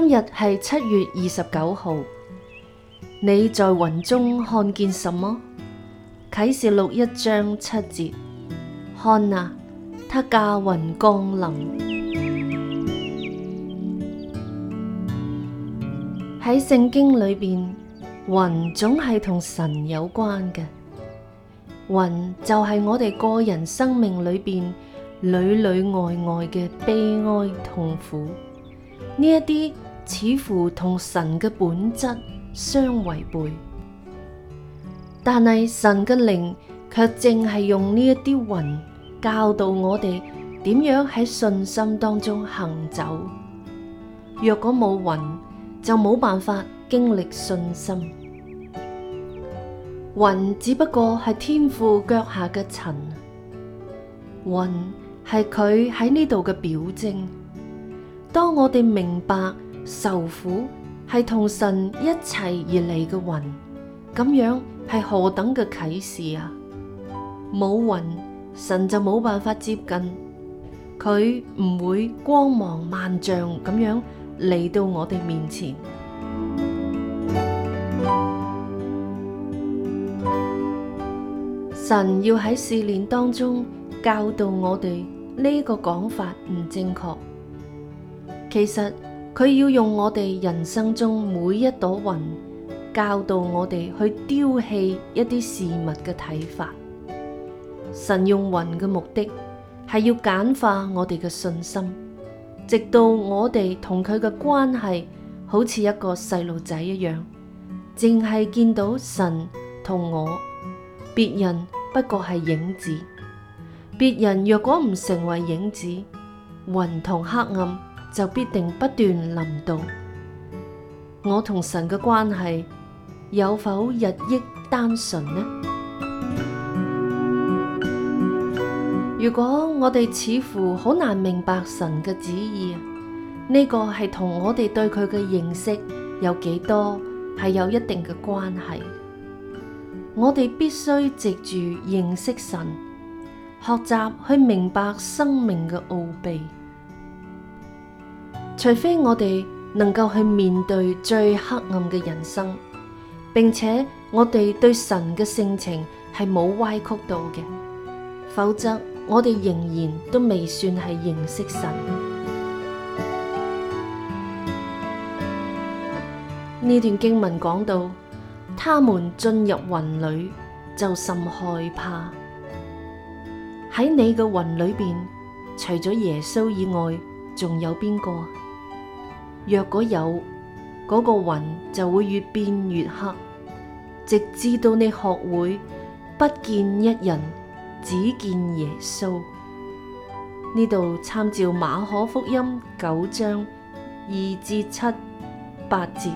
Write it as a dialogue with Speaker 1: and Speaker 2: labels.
Speaker 1: 今日係七月二十九號，你在雲中看見什麼？啟示錄一章七節，看啊，他駕雲降臨。喺聖經裏邊，雲總係同神有關嘅，雲就係我哋個人生命裏邊裏裏外外嘅悲哀痛苦呢一啲。似乎同神嘅本質相違背，但係神嘅靈卻正係用呢一啲雲教導我哋點樣喺信心當中行走。若果冇雲，就冇辦法經歷信心。雲只不過係天父腳下嘅塵，雲係佢喺呢度嘅表徵。當我哋明白。受苦係同神一齊而嚟嘅雲，咁樣係何等嘅啟示啊！冇雲，神就冇辦法接近，佢唔會光芒萬丈咁樣嚟到我哋面前。神要喺試煉當中教導我哋呢個講法唔正確，其實。佢要用我哋人生中每一朵雲，教導我哋去丟棄一啲事物嘅睇法。神用雲嘅目的，係要簡化我哋嘅信心，直到我哋同佢嘅關係好似一個細路仔一樣，淨係見到神同我，別人不過係影子。別人若果唔成為影子，雲同黑暗，就必定不斷臨到。我同神嘅關係有否日益單純呢？如果我哋似乎好難明白神嘅旨意，呢個係同我哋對佢嘅認識有幾多係有一定嘅關係。我哋必須藉住認識神，學習去明白生命嘅奧秘。除非我哋能夠去面對最黑暗嘅人生，並且我哋對神嘅性情係冇歪曲到嘅，否則我哋仍然都未算係認識神。呢段經文講到，他們進入雲裏，就甚害怕。喺你嘅雲裏邊，除咗耶穌以外，仲有邊個？若果有嗰個雲，就會越變越黑，直至到你學會不見一人，只見耶穌。呢度參照馬可福音九章二至七八節。